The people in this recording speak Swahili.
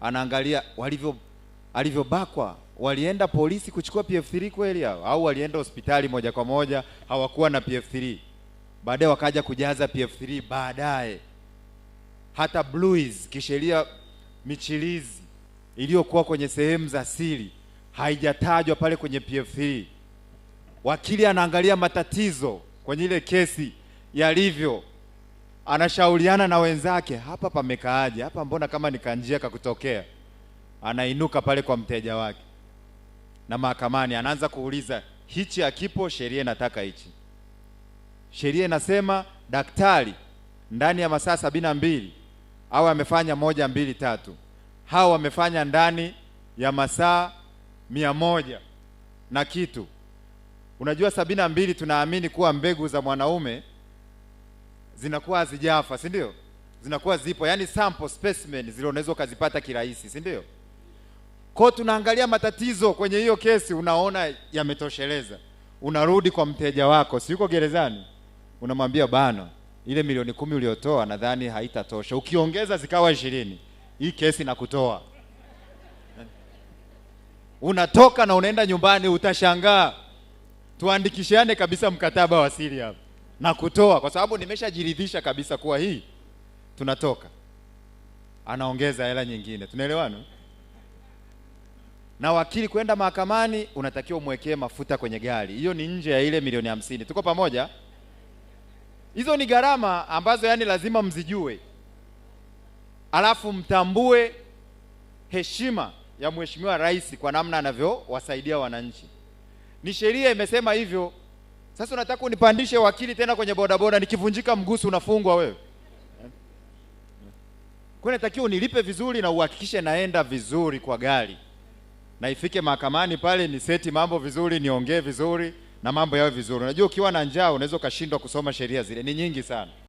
anaangalia walivyo alivyobakwa walienda polisi kuchukua PF3 kweli hao, au walienda hospitali moja kwa moja, hawakuwa na PF3, baadaye wakaja kujaza PF3 baadaye. Hata blues kisheria, michilizi iliyokuwa kwenye sehemu za siri haijatajwa pale kwenye PF3. Wakili anaangalia matatizo kwenye ile kesi yalivyo anashauriana na wenzake, hapa pamekaaje? Hapa mbona kama ni kanjia kakutokea? Anainuka pale kwa mteja wake na mahakamani anaanza kuuliza, hichi akipo, sheria inataka hichi. Sheria inasema daktari ndani ya masaa sabini na mbili au amefanya moja mbili tatu, hao wamefanya ndani ya masaa mia moja na kitu. Unajua sabini na mbili tunaamini kuwa mbegu za mwanaume zinakuwa hazijafa, si ndio? Zinakuwa zipo, yaani sample specimen zile unaweza ukazipata kirahisi, si ndio? Kwa tunaangalia matatizo kwenye hiyo kesi, unaona yametosheleza, unarudi kwa mteja wako, si yuko gerezani, unamwambia bana, ile milioni kumi uliotoa nadhani haitatosha, ukiongeza zikawa ishirini, hii kesi nakutoa. Unatoka na unaenda nyumbani, utashangaa. Tuandikishane kabisa mkataba wa siri hapa na kutoa, kwa sababu nimeshajiridhisha kabisa kuwa hii tunatoka. Anaongeza hela nyingine, tunaelewana. Na wakili kwenda mahakamani, unatakiwa umwekee mafuta kwenye gari, hiyo ni nje ya ile milioni hamsini. Tuko pamoja? Hizo ni gharama ambazo yani lazima mzijue, alafu mtambue heshima ya Mheshimiwa Rais kwa namna anavyowasaidia wananchi. Ni sheria imesema hivyo. Sasa unataka unipandishe wakili tena kwenye bodaboda, nikivunjika mgusu unafungwa wewe. Kwa natakiwa unilipe vizuri na uhakikishe naenda vizuri kwa gari na ifike mahakamani pale, ni seti mambo vizuri, niongee vizuri na mambo yawe vizuri. Unajua, ukiwa na njaa unaweza ukashindwa kusoma sheria, zile ni nyingi sana.